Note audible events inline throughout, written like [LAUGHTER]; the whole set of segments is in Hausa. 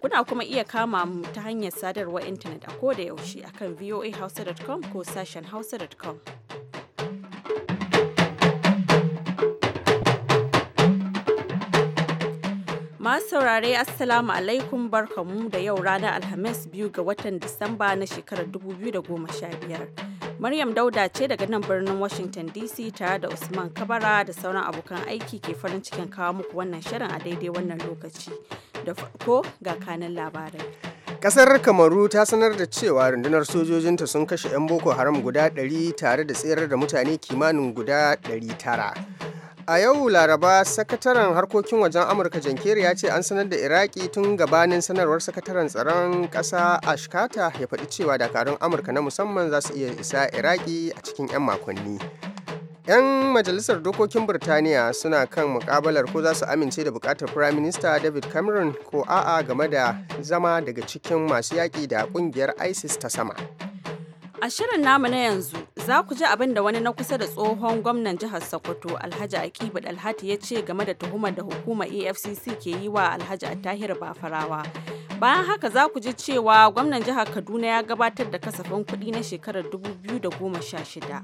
Kuna kuma iya kama mu ta hanyar sadarwar intanet a ko da yaushe akan voahausa.com ko sashen hausa.com. Masu saurare Assalamu alaikum barkamu da yau ranar Alhamis biyu ga watan Disamba na shekarar 2015. Maryam Dauda ce daga nan birnin Washington DC tare da Usman Kabara da sauran abokan aiki ke farin cikin kawo muku wannan shirin a daidai wannan lokaci. Da farko ga kanan labarai. Kasar Kamaru ta sanar da cewa rundunar sojojinta sun kashe 'yan Boko Haram guda 100 tare da tsayar da mutane kimanin guda 900. A yau Laraba, Sakataren Harkokin wajen Amurka Jankeri ya ce an sanar da Iraki tun gabanin sanarwar Sakataren Tsaron Ƙasa Ashkata ya faɗi cewa dakarun Amurka na musamman za su iya isa Iraki a cikin 'yan makonni. 'Yan majalisar dokokin Birtaniya suna kan mukabalar ko za su amince da bukatar Prime Minister David Cameron ko a'a game da zama daga cikin masu yaƙi da ƙungiyar ISIS ta sama. A shirin namu na yanzu za ku ji abin da wani na kusa da tsohon gwamnan jihar Sokoto Alhaji Akibu Alhati ya ce game da tuhumar da hukumar afcc ke yi wa Alhaji Attahir Bafarawa. Bayan haka za ku ji cewa gwamnan jihar Kaduna ya gabatar da kasafin kuɗi na shekarar 2016.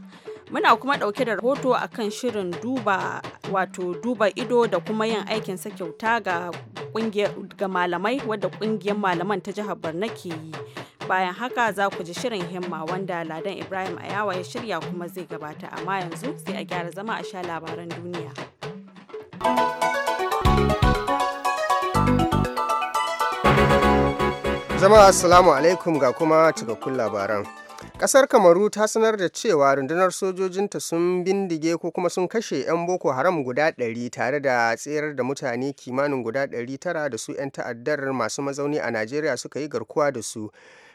Muna kuma ɗauke da rahoto a kan shirin duba wato duba ido da kuma yin aikin sa kyauta ga malamai wadda ƙungiyar malaman ta jihar Borno ke yi. Bayan haka za ku ji shirin himma wanda Ladan Ibrahim Ayawa ya shirya kuma zai gabata amma yanzu sai a gyara zama a sha labaran duniya. zama Assalamu alaikum ga kuma cikakkun labaran. kasar kamaru ta sanar da cewa rundunar sojojinta sun bindige ko kuma sun kashe 'yan boko haram guda 100 tare da tserar da mutane kimanin guda 900 da su 'yan ta'addar masu mazauni a najeriya suka yi garkuwa da su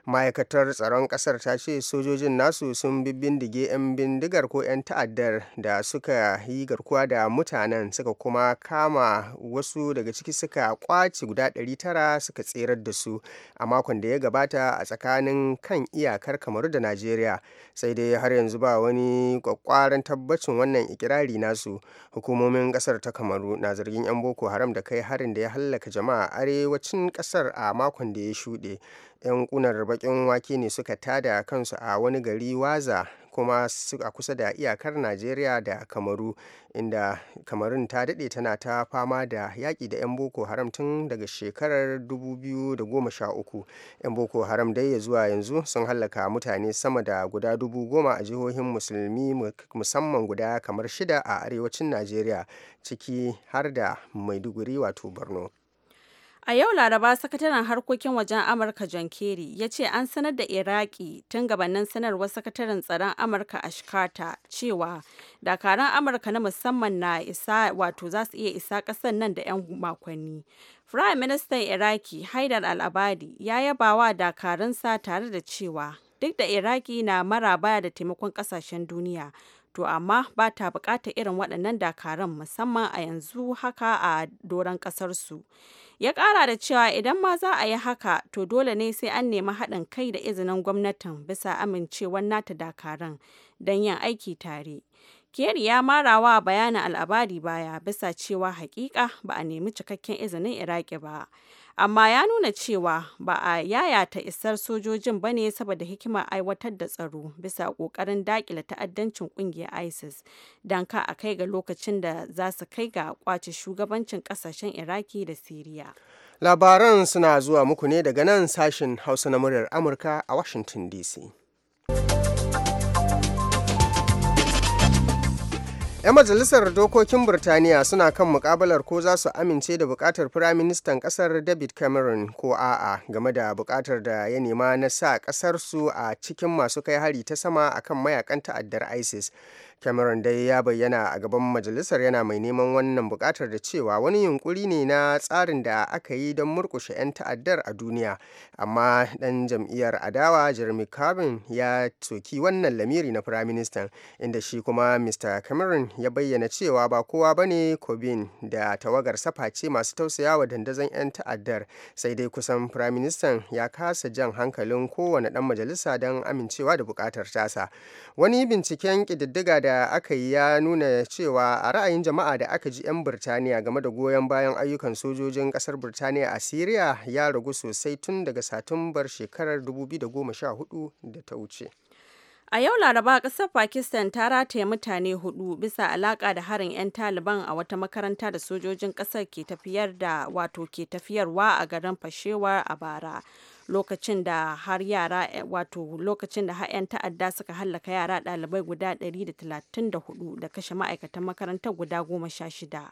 ma'aikatar tsaron kasar ta ce sojojin nasu sun bindige 'yan bindigar ko 'yan ta'addar da suka yi garkuwa da mutanen suka kuma kama wasu daga ciki suka kwace guda 900 suka tserar da su a makon da ya gabata a tsakanin kan iyakar kamaru da najeriya sai dai har yanzu ba wani kwakwaran tabbacin wannan ikirari nasu hukumomin kasar ta kamaru na zargin 'yan boko haram da kai harin da ya hallaka jama'a arewacin kasar a makon da ya shuɗe 'yan kunar bakin wake ne suka tada kansu a wani gari waza kuma a kusa da iyakar najeriya da kamaru inda kamarun ta daɗe tana ta fama da yaƙi da 'yan boko haram tun daga shekarar 2013 'yan boko haram dai ya zuwa yanzu sun hallaka mutane sama da guda dubu goma a jihohin musulmi musamman guda kamar shida a arewacin najeriya ciki har da maiduguri wato borno A yau Laraba sakataren harkokin wajen Amurka John Kerry ya ce an sanar da Iraki tun gabanin sanarwar sakataren tsaron Amurka Ash Carter cewa dakaran Amurka na musamman na isa wato za su iya isa ƙasar nan da 'yan makonni. Prime Minister Iraki Haidar Al-Abadi ya yaba wa dakaransa tare da cewa duk da Iraki na mara baya da taimakon ƙasashen duniya. to amma ba ta bukata irin waɗannan dakaran musamman a yanzu haka a doron ƙasarsu. Ya ƙara da cewa idan ma za a yi haka to dole ne sai an nemi haɗin kai da izinin gwamnatin bisa amincewar nata dakaran don yin aiki tare. Kiyar ya marawa bayanin al'abari baya bisa cewa hakika ba a nemi cikakken izinin Iraki ba. amma ya nuna cewa ba a yayata isar sojojin ba ne saboda hikimar aiwatar da tsaro bisa ƙoƙarin daƙila ta'addancin ƙungiyar isis don ka a kai ga lokacin da za su kai ga kwace shugabancin ƙasashen iraki da siriya labaran suna zuwa muku ne daga nan sashen hausa na muryar amurka a washington dc 'Yan majalisar dokokin Birtaniya suna kan mukabalar ko za su amince da bukatar Firaministan kasar David Cameron ko a'a game da bukatar da ya nema na sa kasarsu a cikin masu kai hari ta sama akan mayakan ta'addar ISIS. cameron dai ya bayyana a gaban majalisar yana mai neman wannan bukatar da cewa wani yunkuri ne na tsarin da aka yi don murkushe 'yan ta'addar a duniya amma dan jam'iyyar adawa jeremy carbon ya soki wannan lamiri na firaministan inda shi kuma mr cameron ya bayyana cewa ba kowa ba ne cobin da tawagar saface masu tausayawa dandazon 'yan ta'addar sai dai kusan firaministan ya kasa jan hankalin kowane dan majalisa don amincewa da bukatar tasa wani binciken ƙididdiga da da aka yi ya nuna cewa a ra'ayin jama'a da aka ji 'yan birtaniya game da goyon bayan ayyukan sojojin kasar birtaniya a syria ya ragu sosai tun daga satumbar shekarar 2014 da ta wuce a yau laraba ƙasar pakistan ta rataye mutane hudu bisa alaƙa da harin 'yan taliban a wata makaranta da sojojin ƙasar ke tafiyar da wato ke tafiyarwa a garin fashewar a bara lokacin da har yara eh, wato lokacin da har 'yan ta'adda suka hallaka yara ɗalibai guda 134 da kashe ma'aikatan makarantar guda 16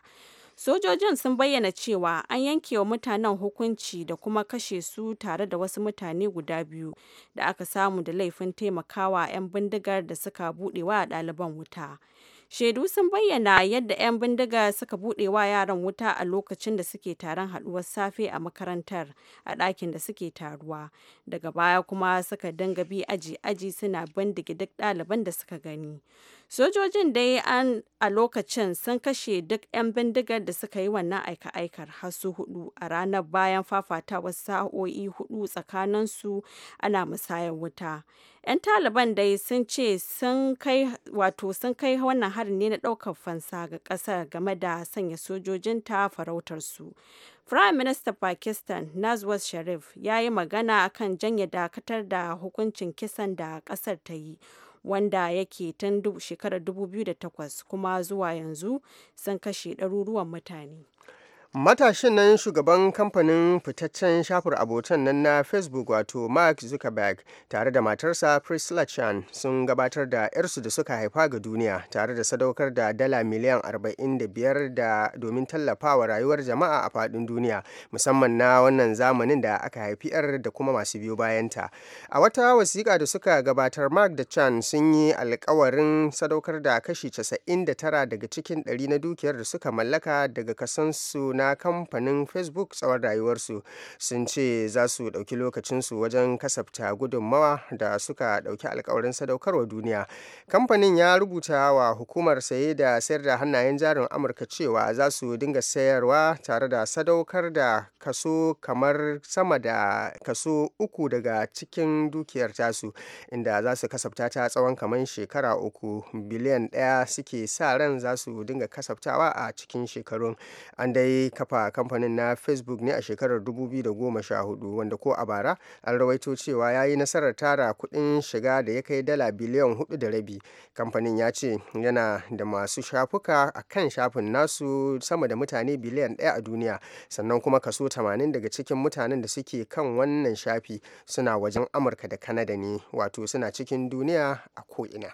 sojojin sun bayyana cewa an yanke wa mutanen hukunci da kuma kashe su tare da wasu mutane guda biyu da aka samu da laifin taimakawa 'yan bindigar da suka buɗewa ɗaliban wuta. Shaidu sun bayyana yadda 'yan bindiga suka buɗe wa yaran wuta a lokacin da suke taron haɗuwar safe a makarantar a ɗakin da suke taruwa. Daga baya kuma suka dinga bi aji-aji suna bindige duk ɗaliban da suka gani. Sojojin dai an a lokacin sun kashe duk 'yan bindigar da suka yi wannan aika-aikar hasu hudu a ranar bayan fafata wasu sa'o'i hudu tsakaninsu ana musayar wuta. 'Yan Taliban dai sun ce sun kai wato sun kai wannan harin ne na ɗaukar fansa ga ƙasar game da sanya sojojin ta farautar su Prime Minister Pakistan nazwas Sharif ya yi magana akan janye dakatar da hukuncin kisan da ƙasar ta yi. wanda yake tun shekarar 2008 kuma zuwa yanzu sun kashe ɗaruruwan mutane. matashin nan shugaban kamfanin fitaccen shafar abotan nan na facebook wato mark zuckerberg tare da matarsa priscilla chan sun gabatar da 'yarsu da suka haifa ga duniya tare da sadaukar da dala miliyan 45 da domin tallafawa rayuwar jama'a a fadin duniya musamman na wannan zamanin da aka haifi 'yar da kuma masu biyo bayanta a wata wasiƙa da suka gabatar mark da chan sun yi alkawarin sadaukar da kashi 99 daga cikin 100 na dukiyar da suka mallaka daga kasansu na kamfanin facebook tsawon rayuwarsu sun ce za su ɗauki lokacinsu wajen kasafta gudunmawa da suka ɗauki alkawarin sadaukarwa duniya kamfanin ya rubuta wa hukumar saye da sayar da hannayen jarin amurka cewa za su dinga sayarwa tare da sadaukar da kaso kamar sama da kaso uku daga cikin dukiyar tasu inda za su kasafta ta tsawon kamar shekara uku biliyan ɗaya suke sa ran za su dinga kasaftawa a cikin shekarun an dai kafa kamfanin na facebook ne a shekarar 2014 wanda ko a bara an rawaito cewa ya yi nasarar tara kudin shiga da ya kai dala biliyan hudu da rabi kamfanin ya ce yana da masu shafuka a kan shafin nasu sama da mutane biliyan ɗaya a duniya sannan kuma kaso 80 daga cikin mutanen da suke kan wannan shafi suna wajen amurka da kanada ne wato suna cikin duniya a ko'ina.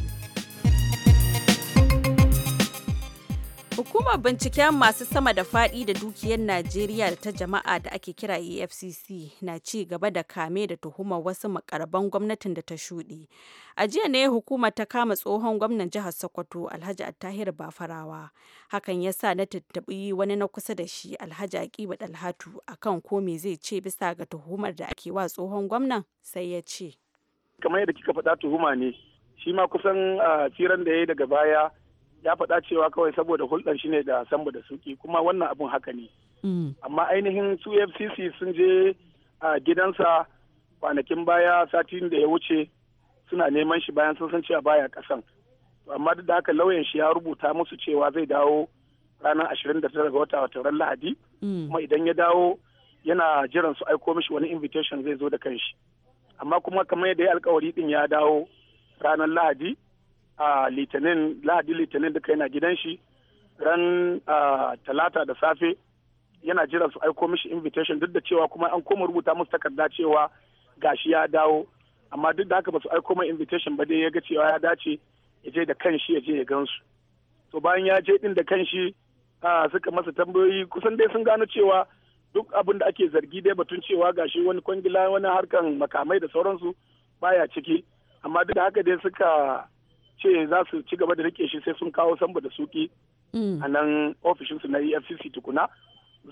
Hukumar binciken masu sama da faɗi da dukiyar Najeriya da ta jama'a da ake kira afcc e na ci gaba da kame da tuhumar wasu makarban gwamnatin da ta shuɗe. A jiya ne hukumar ta kama tsohon gwamnan jihar Sokoto Alhaji Attahir Bafarawa. Hakan ya sa na tattabi wani na kusa da shi Alhaji Akiba Dalhatu akan ko me zai ce bisa ga tuhumar da ake wa tsohon gwamnan sai ya ce. Kamar yadda kika faɗa tuhuma ne, shi ma kusan ah, tsiran da ya yi daga baya ya faɗa cewa kawai saboda hulɗar shi ne da samba da suki kuma wannan abun haka ne mm. amma ainihin su fcc sun je a gidansa kwanakin baya satin da ya wuce suna neman shi bayan sun san cewa baya kasan amma duk da haka lauyan shi ya rubuta musu cewa zai dawo ranar ashirin da tara ga wata watan lahadi mm. kuma idan ya dawo yana jiran su aiko mishi wani invitation zai zo da kanshi amma kuma kamar yadda ya alkawari din ya dawo ranar lahadi a litinin lahadi litinin duka yana gidan shi ran talata da safe yana jira su aiko mishi invitation duk da cewa kuma an koma rubuta musu takarda cewa gashi ya dawo amma duk da haka ba su aiko mai invitation ba dai ya ga cewa ya dace ya je da kanshi ya je ya gansu to bayan ya je din da kanshi suka masa tambayoyi kusan dai sun gano cewa duk abin da ake zargi dai batun cewa gashi wani kwangila wani harkan makamai da sauransu baya ciki amma duk da haka dai suka ce za su ci gaba da rike shi sai sun kawo samba da suki mm. a nan ofishinsu na efcc tukuna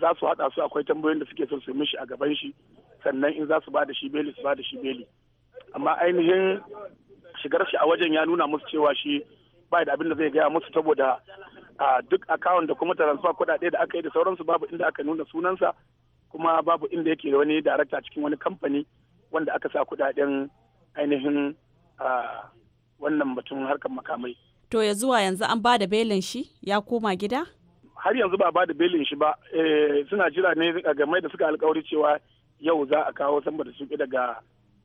za su haɗa su akwai tambayoyin da suke son su mishi a gaban shi sannan in za su ba da shi beli su ba da shi beli amma ainihin shigar shi a wajen ya nuna musu cewa shi ba da abin da zai gaya musu saboda duk akawun da kuma transfer kuɗaɗe da aka yi da sauransu babu inda aka nuna sunansa kuma babu inda yake wani darakta cikin wani kamfani wanda aka sa kuɗaɗen ainihin wannan batun harkar makamai to ya zuwa yanzu an ba da belin shi ya koma gida har yanzu ba ba da belin shi ba eh, suna jira ne game da suka alkawari cewa yau za a kawo samba da suke daga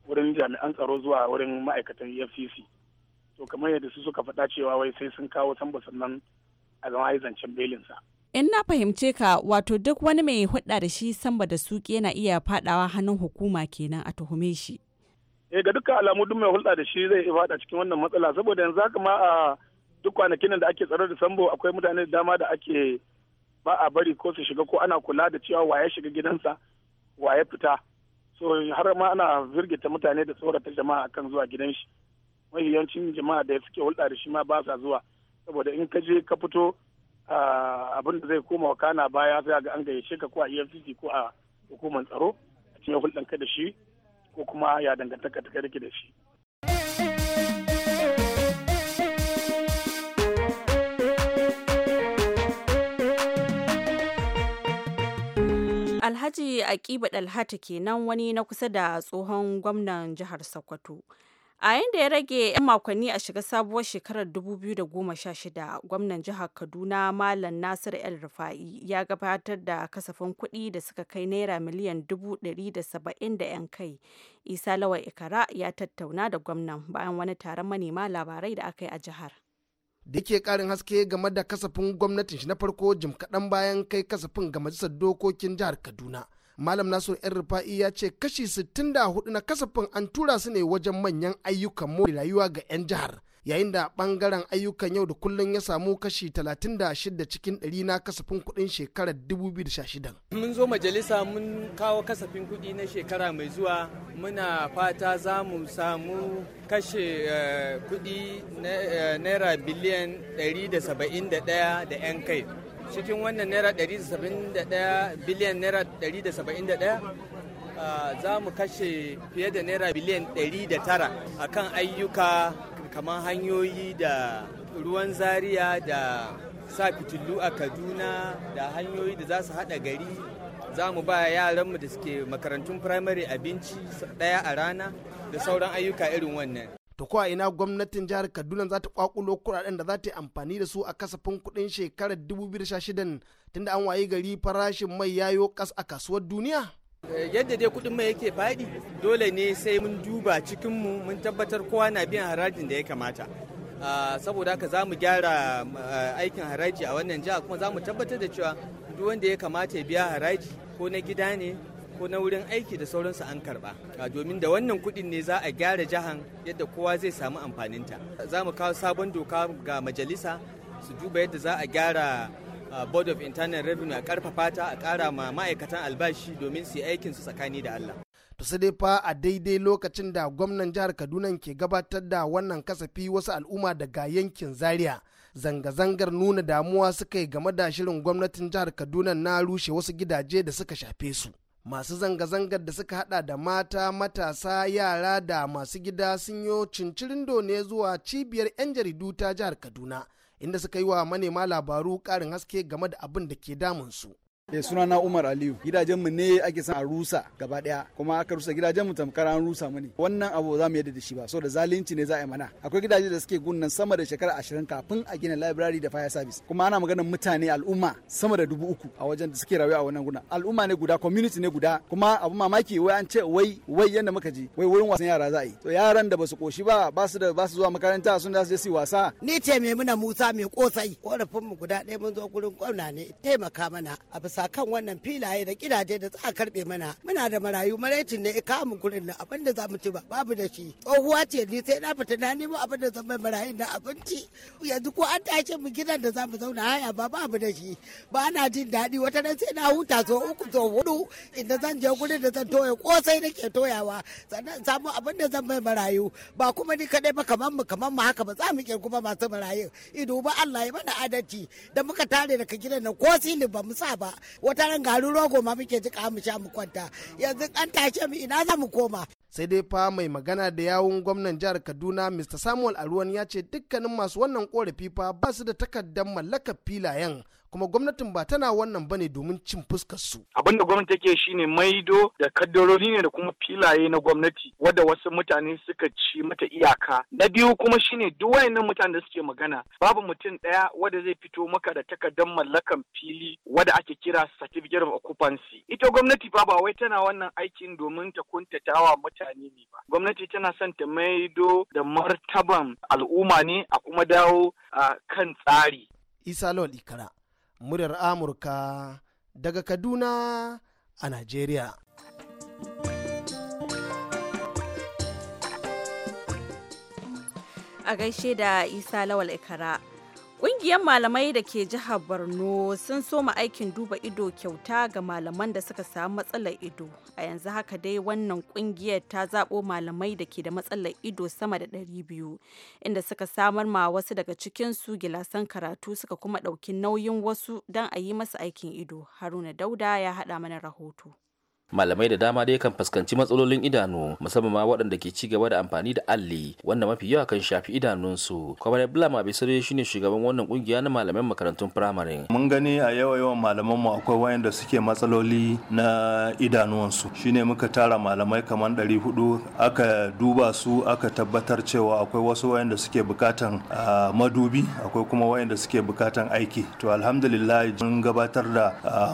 wurin jami'an tsaro zuwa wurin ma'aikatan e fcc to kamar yadda su suka faɗa cewa wai sai sun kawo samba sannan a zama zancen belinsa in na fahimce ka wato duk wani mai hudda da shi samba da suke yana iya fadawa hannun hukuma kenan a tuhume shi eh ga dukkan alamu duk mai hulɗa da shi zai iya faɗa cikin wannan matsala saboda yanzu haka ma a duk kwanakin da ake tsaro da sambo akwai mutane da dama da ake ba a bari ko su shiga ko ana kula da cewa waye shiga gidansa waye fita so har ma ana virgita mutane da tsorata jama'a akan zuwa gidan shi mafi yawancin jama'a da suke hulɗa da shi ma ba sa zuwa saboda in ka je ka fito abin da zai koma wa kana baya sai ga an gayyace ka ko a EFCC ko a hukumar tsaro a cikin hulɗanka da shi ko kuma ya dangantaka ta rike da shi. Alhaji Akiba Dalhata kenan wani na kusa da tsohon gwamnan jihar Sokoto. a yayin da ya rage 'yan makonni a shiga sabuwar shekarar 2016 gwamnan jihar kaduna malam nasir el rufa'i ya gabatar da kasafin kuɗi da suka kai naira miliyan 170 da 'yan kai isa lawal ikara ya tattauna da gwamnan bayan wani taron manema labarai da aka yi a jihar da yake karin haske game da kasafin gwamnatin shi na farko jim kaɗan bayan kai kasafin ga majalisar dokokin jihar kaduna malam nasiru yan rufa'i ya ce kashi 64 na kasafin an tura su ne wajen manyan ayyukan more rayuwa ga 'yan jihar yayin da bangaren ayyukan yau da kullum ya samu kashi 36 cikin 100 na kasafin kudin shekarar 2016. Mun zo majalisa mun kawo kasafin kudi na shekara mai zuwa muna fata za mu samu kashe eh, kudi eh, naira biliyan 171 da 'yan kai. cikin wannan naira 171 biliyan naira 171 za mu kashe fiye da naira biliyan 109 a kan ayyuka kamar hanyoyi da ruwan zaria da sa fitilu a kaduna da hanyoyi da za su haɗa gari za mu ba yaranmu da suke makarantun firamare abinci ɗaya a rana da sauran ayyuka irin wannan to ko a ina gwamnatin jihar kaduna za ta kwakulo kuɗaɗen da za ta yi amfani da su a kasafin kudin shekarar 2016 tunda an wayi gari farashin mai yayo kas a kasuwar duniya eh, yadda dai kudin mai yake fadi dole ne sai mun duba cikinmu mun tabbatar kowa na biyan harajin da ya kamata ah, saboda haka za mu gyara eh, aikin haraji a wannan jihar kuma za mu tabbatar da cewa duk wanda ya kamata ya biya haraji ko na gida ne ko na wurin aiki da sauransu an karba domin da wannan kuɗin ne za a gyara jahan yadda kowa zai samu amfaninta za mu kawo sabon doka ga majalisa su duba yadda za a gyara board of internal revenue a karfafa ta a kara ma ma'aikatan albashi domin su yi aikin su tsakani da Allah to sai dai fa a daidai lokacin da gwamnan jihar Kaduna ke gabatar da wannan kasafi wasu al'umma daga yankin Zaria zanga-zangar nuna damuwa suka yi game da shirin gwamnatin jihar Kaduna na rushe wasu gidaje da suka shafe su masu zanga-zangar da suka hada da mata matasa yara da masu gida sun yo cincirindo ne zuwa cibiyar 'yan jaridu ta jihar kaduna inda suka yi wa manema labaru karin haske game da abin da ke damunsu E eh, suna na Umar Aliyu. Gidajen mu ne ake san a rusa gaba daya kuma aka rusa gidajenmu mu tamkar an rusa mu ne. Wannan abu za mu yadda da shi ba saboda zalunci ne za a yi mana. Akwai gidaje da suke gunnan sama da shekara ashirin kafin a gina library da fire service. Kuma ana magana mutane al'umma sama da dubu uku a wajen da suke rayuwa a wannan guna. Al'umma ne guda community ne guda kuma abu mamaki wai an ce wai wai yanda muka ji wai wurin wasan yara za a yi. To yaran da ba su koshi ba ba su da ba zuwa makaranta sun da su je su wasa. Ni ce muna Musa mai kosai. Korafin mu guda ɗaya mun zo gurin gwamna ne taimaka mana a marasa kan wannan filaye da gidaje da za a karbe mana muna da marayu maraicin ne ka mu gurin nan abin da za mu ci ba babu da shi tsohuwa ce ni sai na fita na nemo abin da zan mai marayu na abinci yanzu ko an tashe mu gidan da za mu zauna haya ba babu da shi ba na jin daɗi wata nan sai na huta so uku so hudu inda zan je gurin da zan toya kosai nake toyawa sannan samu abin da zan mai marayu ba kuma ni kadai ba kamar mu kamar mu haka ba za mu kirgu ba masu marayu ido ba Allah ya mana adalci da muka tare daga gidan nan ko sili ba mu sa ba wata ran garin rogo ma muke jika mu sha mu kwanta yanzu an tashe mu ina za mu koma sai dai fa mai magana da yawun gwamnan jihar kaduna mr samuel aruwan ya ce dukkanin masu wannan korafi fa ba su da takardar mallakar filayen kuma gwamnatin ba tana wannan bane domin cin fuskar su da gwamnati take shine maido da kaddarori ne da kuma filaye na gwamnati wadda wasu mutane suka ci mata iyaka na biyu kuma shine duk wayannan mutane da suke magana babu mutum ɗaya wadda zai fito maka da takardar mallakan fili wadda ake kira certificate of occupancy ita gwamnati ba ba wai tana wannan aikin domin ta kuntatawa mutane ne ba gwamnati tana son ta maido da martaban al'umma ne a kuma dawo a kan tsari isa lawal ikara muryar amurka daga kaduna a nigeria. a gaishe da isa lawal ikara Ƙungiyar malamai da ke jihar Borno sun soma aikin duba ido kyauta ga malaman da suka samu matsalar ido. A yanzu haka dai wannan ƙungiyar ta zaɓo malamai da ke da matsalar ido sama da 200, inda suka samar ma wasu daga cikin su gilasan karatu suka kuma ɗauki nauyin wasu don a yi masa aikin ido. Haruna Dauda ya haɗa mana rahoto. malamai da dama dai kan fuskanci matsalolin idanu musamman ma waɗanda ke ci gaba da amfani da alli wanda mafi yawa kan shafi idanunsu kwamar blama shi shine shugaban wannan kungiya na malaman makarantun firamare mun gani a yawa yawan malaman mu akwai wayanda suke matsaloli na idanuwansu shine muka tara malamai kaman ɗari hudu aka duba su aka tabbatar cewa akwai wasu wayanda suke bukatan madubi akwai kuma wayanda suke bukatan aiki to alhamdulillah mun gabatar da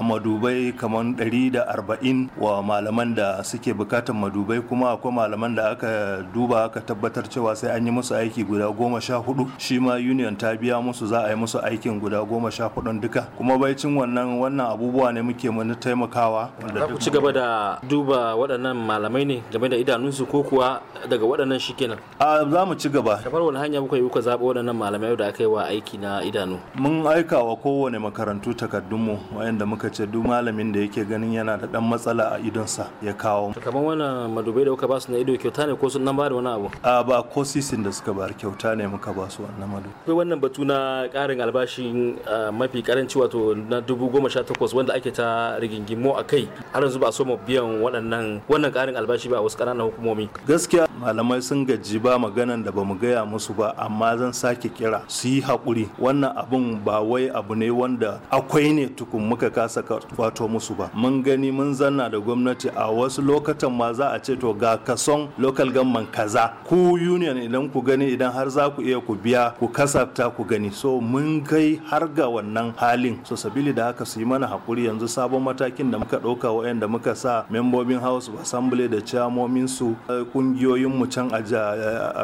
madubai kaman ɗari da arba'in wa malaman da suke bukatan madubai kuma akwai malaman da aka duba aka tabbatar cewa sai an yi musu aiki guda goma sha hudu shi ma union ta biya musu za a yi musu aikin guda goma sha hudun duka kuma baicin wannan wannan abubuwa ne muke mana taimakawa da ku ci gaba da duba waɗannan malamai ne game da idanunsu ko kuwa daga waɗannan shikenan a za mu ci gaba kamar wani hanya kuka yi kuka zaɓa waɗannan malamai da aka yi wa aiki na idanu mun aika wa kowane makarantu takardunmu wayanda muka ce duk malamin da yake ganin yana da ɗan matsala a sa ya kawo kamar wannan madubai da kuka ba su na ido kyauta ne ko sun nan ba da wani abu a ba ko sisin da suka bar kyauta ne muka ba su wannan madu. akwai wannan batu na karin albashin mafi karanci wato na dubu goma sha takwas wanda ake ta rigingimo a kai har yanzu ba a so mu biyan waɗannan wannan karin albashi ba a wasu ƙananan hukumomi gaskiya malamai sun gaji ba maganan da bamu gaya musu ba amma zan sake kira su yi haƙuri wannan abun ba wai abu ne wanda akwai ne tukun muka kasa kwato musu ba mun gani mun zanna da gwamnati a wasu lokacin ma za a ce to ga kason local government kaza ku union idan ku gani idan har za ku iya ku biya ku kasafta ku gani so mun kai har ga wannan halin so sabili da haka su yi mana hakuri yanzu sabon matakin da muka ɗauka wayanda muka sa membobin house of assembly da chairmomin su kungiyoyin eh, mu can a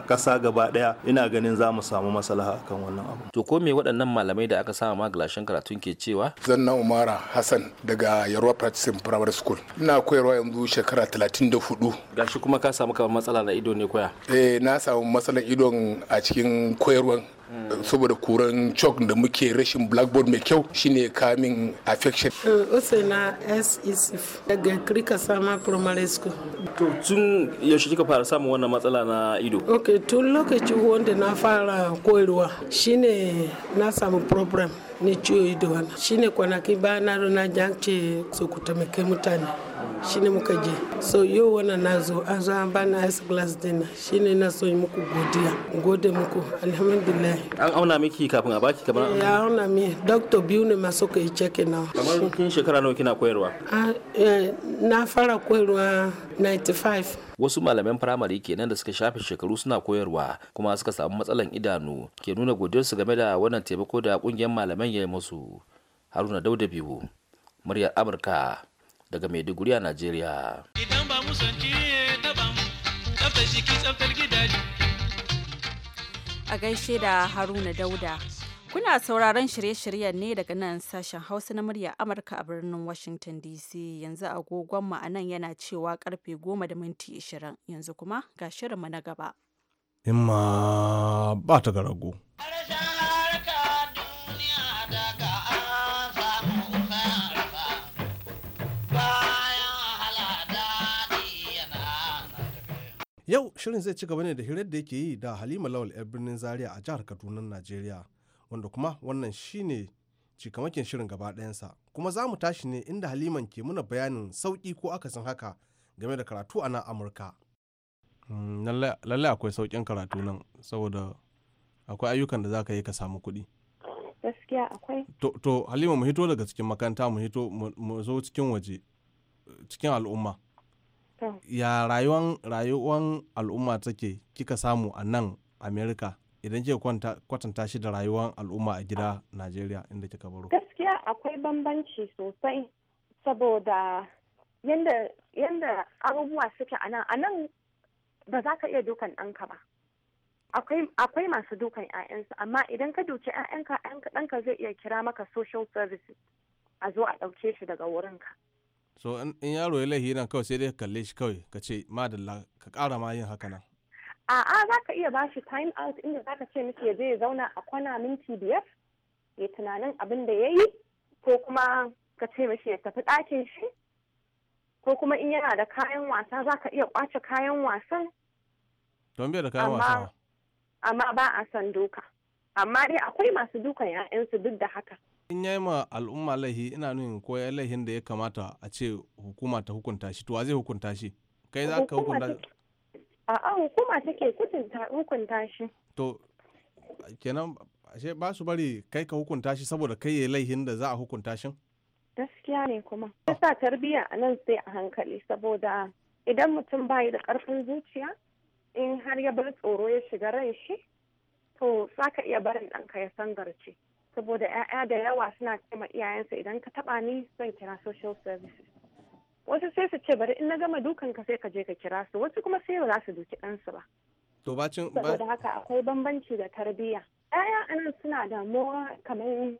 kasa eh, gaba ɗaya ina ganin za mu samu maslaha akan wannan abu to ko me waɗannan malamai da aka sama magalashin karatun ke cewa zanna umara hassan daga yarwa practicing primary school ina koyarwa yanzu shekara 34 gashi kuma ka samu kamar matsala na ido ne koya eh na samu matsalan idon a cikin koyarwan hmm. saboda kuran chalk da muke rashin blackboard mai kyau shine kamin affection eh, usai s isif daga krika sama primary school to tun yaushe kika fara samun wannan matsala na ido ok tun lokaci wanda na fara koyarwa shine na samu problem ne ciwo ido shine kwanaki ba na na ce su mai kai mutane ne muka je so yau wana na zo an zo an bani ice glass dina shine na so yi muku godiya gode muku alhamdulillah an auna miki kafin a baki kamar ya auna mi doctor biyu ne masu ka yi check na kamar kin shekara nawa kina koyarwa ah, eh, na fara koyarwa 95 wasu malaman firamare kenan da suka shafe shekaru suna koyarwa kuma suka samu matsalan idanu ke nuna godiyarsu game da wannan taimako da kungiyar malaman ya yi musu haruna dauda biyu muryar amurka daga Maiduguri a Najeriya. Idan mu tsaftar gidaje. A gaishe da Haruna Dauda. Kuna sauraron shirye-shiryen ne daga nan sashen Hausa na murya Amurka a birnin Washington DC yanzu agogon mu a nan yana cewa karfe goma da minti ishirin yanzu kuma ga shirinmu na gaba. Imma ba ta rago. Yau shirin zai ci gaba ne da hirar da yake yi da Halima Lawal 'yar birnin Zaria a jihar Kaduna, Najeriya, wanda kuma wannan shine cikamakin shirin gaba ɗayansa. Kuma za mu tashi ne inda Haliman ke muna bayanin sauƙi ko akasin haka game da karatu a nan Amurka. Mm, lallai akwai sauƙin karatu nan saboda akwai ayyukan da za ka yi ka samu kuɗi. To, Halima mu hito daga cikin makaranta mu hito mu zo cikin waje cikin al'umma. ya rayuwan rayuwan al'umma take kika samu a nan america idan ke kwatanta shi da rayuwan al'umma a gida najeriya inda kika baro gaskiya akwai bambanci sosai saboda yanda yanda abubuwa suke a nan ba za ka iya dukan ɗanka ba akwai masu dukan 'ya'yansu amma idan ka duki 'ya'yanka ɗanka zai iya kira maka social services a zo a ɗauke shi daga wurinka so in yaro ya laihi nan kawai sai dai kalle shi kawai ka ce madalla ka ƙara ma yin haka nan a'a za ka iya ba shi time out inda za ka ce miki ya je zauna a kwana minti biyar ya tunanin abin da ya yi ko kuma ka ce mishi ya tafi ɗakin shi ko kuma in yana da kayan wasa za ka iya kwace kayan wasan don bai da kayan wasa amma ba a son duka amma dai akwai masu dukan 'ya'yansu duk da haka in ya yi ma al'umma laihi ina nuna ko ya laihin da ya kamata a ce hukuma ta hukunta shi to wa zai hukunta shi kai za ka hukunta shi a'a hukuma take kutunta hukunta shi to kenan ashe ba su bari kai ka hukunta shi saboda kai ya laihin da za a hukunta shi gaskiya ne kuma oh. sa tarbiyya a nan sai a hankali saboda idan mutum bai da karfin zuciya in har ya bar tsoro ya shiga ran shi to za ka iya barin ɗanka ya sangarce saboda 'ya'ya da yawa suna kama iyayensa idan ka taba ni zan kira social services wasu sai su ce bari in na gama dukan ka sai ka je ka kira su wasu kuma sai ba za su duki ɗansu ba to bacin saboda haka akwai bambanci da tarbiyya 'ya'ya anan suna damuwa kamar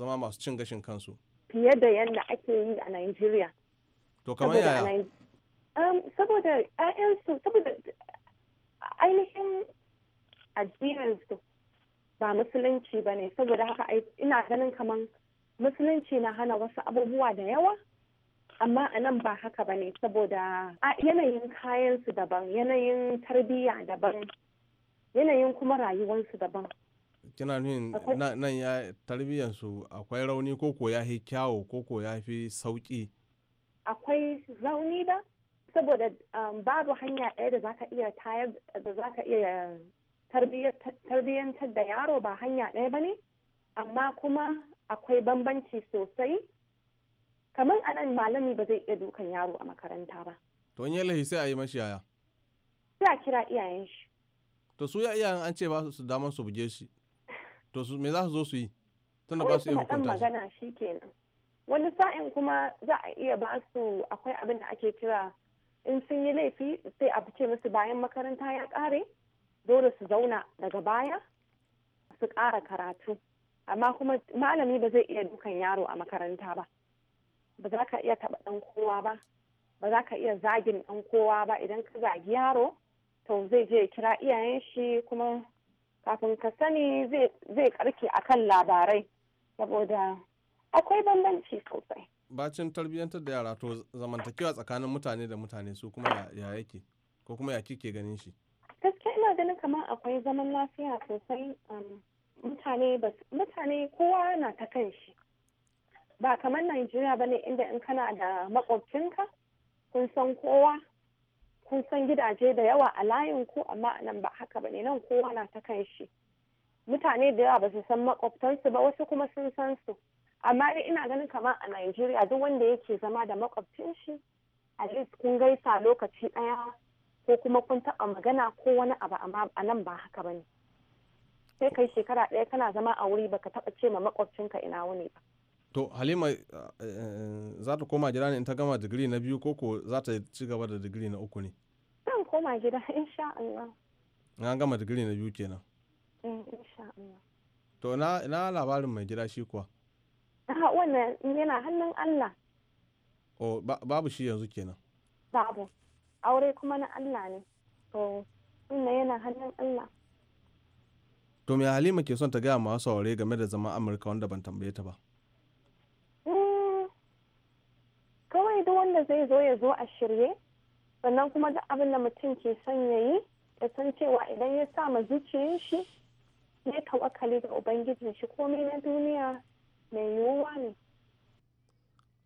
zama masu cin gashin kansu fiye da yadda ake yi a Najeriya to kamar yaya um, saboda 'ya'yansu saboda ainihin addinansu ba musulunci ba ne saboda haka ina ganin kamar musulunci na hana wasu abubuwa da yawa amma a nan ba haka ba ne saboda yanayin kayansu daban yanayin tarbiyya daban yanayin kuma rayuwarsu daban kina nuhin nan ya tarbiyyarsu akwai rauni ko ko ya fi kyawo ko ya fi sauki akwai rauni ba saboda um, babu hanya ɗaya da za iya iya tarbiyyantar da yaro ba hanya ɗaya ba ne amma kuma akwai bambanci sosai kamar anan malami ba zai iya dukan yaro a makaranta ba to in yalahi sai a yi mashi yaya sai a kira iyayen shi to su ya iyayen an ce ba su damar su buge shi [LAUGHS] to su me za su zo su yi tunda ba su iya hukunta shi magana shi kenan wani sa'in kuma za a iya ba su akwai abin da ake kira in sun yi laifi sai a fice musu bayan makaranta ya kare dole su zauna daga baya su ƙara karatu amma kuma malami ba zai iya dukan yaro a makaranta ba ba za ka iya taɓa ɗan kowa ba ba za ka iya zagin ɗan kowa ba idan ka zagi yaro to zai je kira iyayen shi kuma kafin ka sani zai karke akan labarai saboda akwai bambanci sosai bacin tarbiyyantar da yara to zamantakewa tsakanin mutane da mutane su kuma ya yake ko kuma ya kike ganin shi ganin kamar akwai zaman lafiya sosai um, mutane kowa na ta kan shi ba kamar Najeriya ba ne inda in kana da makwabcinka kun san kowa kun san gidaje da yawa a layin ku amma nan ba haka ba ne nan kowa na ta kan shi mutane da yawa ba su san makwabtansu ba wasu kuma sun san su amma dai ina ganin kamar a Najeriya duk wanda yake zama da makwabcin shi a least kun gaisa lokaci ɗaya ko kuma kun taɓa magana ko wani abu amma a nan ba haka ba ne sai kai shekara ɗaya kana zama a wuri baka taɓa ce ma makwabcinka ina wuni ba to halima eh, eh, za ta koma gida ne in ta gama digiri na biyu ko ko za ta ci gaba da digiri na uku ne zan koma gida [LAUGHS] insha Allah an gama digiri na biyu kenan eh, sha Allah to na labarin mai gida shi kuwa ah, wannan yana hannun Allah o oh, babu shi yanzu kenan babu aure kuma na Allah ne to wannan yana hannun Allah to me Halima ke son ta gaya masu aure game da zaman Amurka wanda ban tambaye ta ba hmm, kawai duk wanda zai zo ya zo a shirye sannan kuma duk abin da mutum ke son ya yi ya san cewa idan ya sa ma zuciyar shi ya tawakali ga ubangijin shi komai na duniya mai yiwuwa ne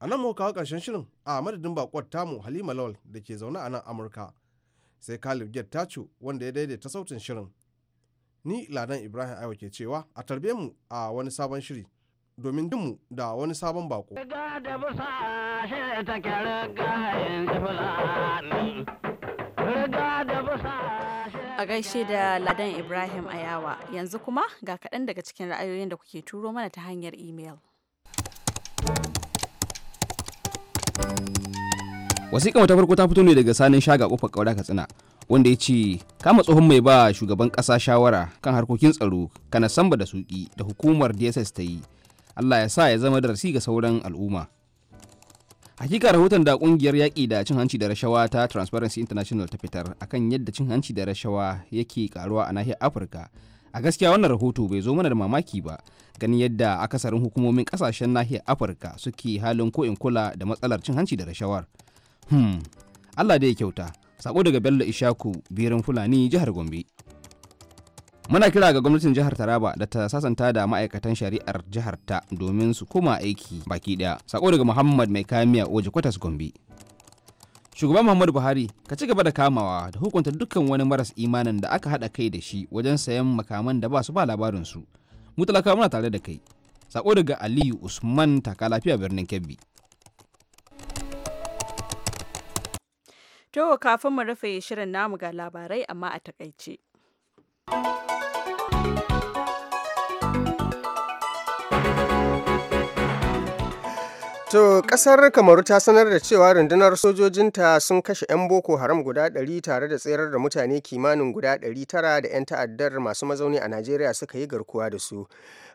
a nan muka kawo ƙarshen shirin a madadin bakwar tamu halima lawal da ke zaune a nan amurka sai kalib get ce wanda ya daidaita sautin shirin ni ladan ibrahim aiwa ke cewa a tarbe mu a wani sabon shiri domin dinmu da wani sabon bako. A gaishe da Ladan Ibrahim Ayawa yanzu kuma ga kaɗan daga cikin ra'ayoyin da kuke turo mana ta hanyar imel. wasiƙa ta farko ta fito ne daga sanin shaga kofar ƙaura katsina wanda ya ce kama tsohon mai ba shugaban ƙasa shawara kan harkokin tsaro kana samba da suki da hukumar dss ta yi allah ya sa ya zama darasi ga sauran al'umma hakika rahoton da kungiyar yaƙi da cin hanci da rashawa ta transparency international ta fitar akan yadda cin hanci da rashawa yake karuwa a nahiyar afirka a gaskiya wannan rahoto bai zo mana da mamaki ba ganin yadda akasarin hukumomin kasashen nahiyar afirka suke halin ko kula da matsalar cin hanci da rashawar hmm allah da ya kyauta sako daga bello ishaku birin fulani jihar gombe muna kira ga gwamnatin jihar taraba da ta sasanta da ma'aikatan shari'ar jihar ta domin su koma aiki baki daya sako daga muhammad mai kamiya oje kwatas gombe shugaban Muhammadu Buhari ka ci gaba da kamawa da hukunta dukkan wani maras imanin da aka haɗa kai da shi wajen sayan makaman da ba su ba labarin su. Mu talakawa muna tare da kai. Sako daga Aliyu Usman taka lafiya birnin Kebbi. To kafin mu rufe shirin namu ga labarai amma a takaice. To kasar Kamaru ta sanar da cewa rundunar sojojinta sun kashe 'yan Boko Haram guda 100 tare da tserar da mutane kimanin guda 900 da 'yan ta'addar masu mazauni a Najeriya suka yi garkuwa da su.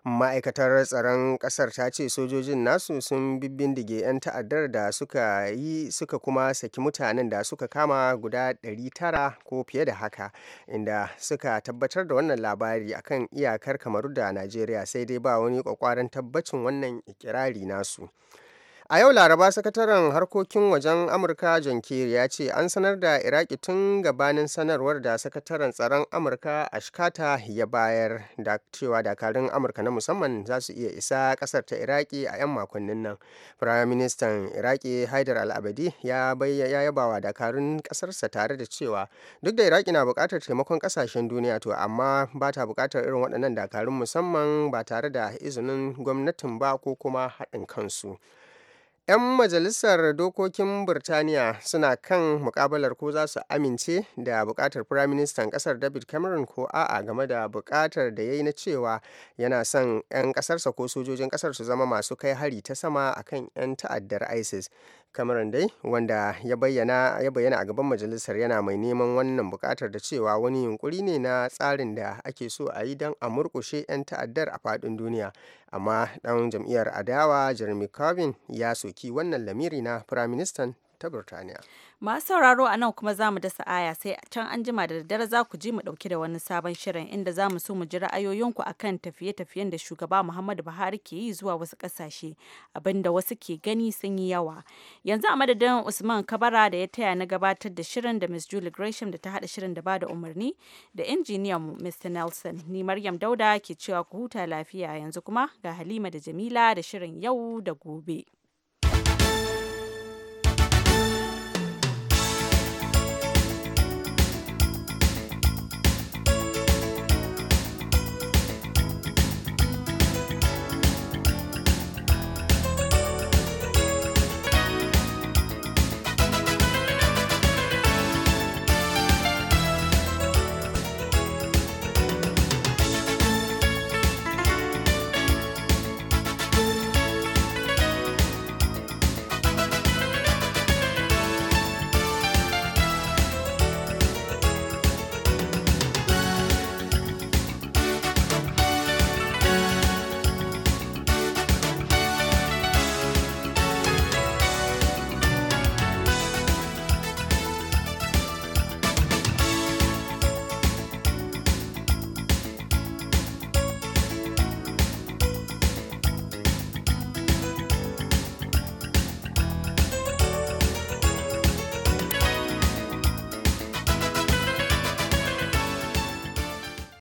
Ma'aikatar tsaron kasar ta ce sojojin nasu sun bibbindige 'yan ta'addar da suka yi suka kuma saki mutanen da suka kama guda 900 ko fiye da haka inda suka tabbatar da wannan labari akan iyakar Kamaru da Najeriya sai dai ba wani kwakwaran tabbacin wannan ikirari nasu. a yau laraba sakataren harkokin wajen amurka john kerry ya ce an sanar da iraki tun gabanin sanarwar da sakataren tsaron amurka ashkata ya bayar da cewa dakarun amurka na musamman za su iya isa kasar ta iraki a 'yan makonnin nan prime ministan iraki haidar al'abadi ya yaba wa dakarun kasarsa tare da cewa duk da iraki na bukatar taimakon kasashen duniya to amma ba ta buƙatar irin waɗannan dakarun musamman ba tare da izinin gwamnatin ba ko kuma haɗin kansu 'Yan majalisar dokokin Birtaniya suna kan mukabalar ko za su amince da bukatar Firaministan kasar David Cameron ko a'a game da bukatar da ya yi na cewa yana son 'yan kasarsa ko sojojin kasar su zama masu kai hari ta sama a kan 'yan ta'addar ISIS. cameron dai wanda ya bayyana ya bayyana a gaban majalisar yana mai neman wannan bukatar da cewa wani yunkuri ne na tsarin da ake so a yi don a murkushe 'yan ta'addar a faɗin duniya amma ɗan jam'iyyar adawa jeremy corbyn ya soki wannan lamiri na firaministan ta Burtaniya. Masu sauraro a nan kuma zamu mu dasa aya sai can an jima da daddare za ku ji mu ɗauki da wani sabon shirin inda za mu so mu ji ra'ayoyinku a kan tafiye-tafiyen da shugaba Muhammadu Buhari ke yi zuwa wasu ƙasashe abinda wasu ke gani sun yi yawa. Yanzu a madadin Usman Kabara da ya taya na gabatar da shirin da Miss Julie Gresham da ta haɗa shirin da bada umarni da injiniyan Mr. Nelson. Ni Maryam Dauda ke cewa ku huta lafiya yanzu kuma ga Halima da Jamila da shirin yau da gobe.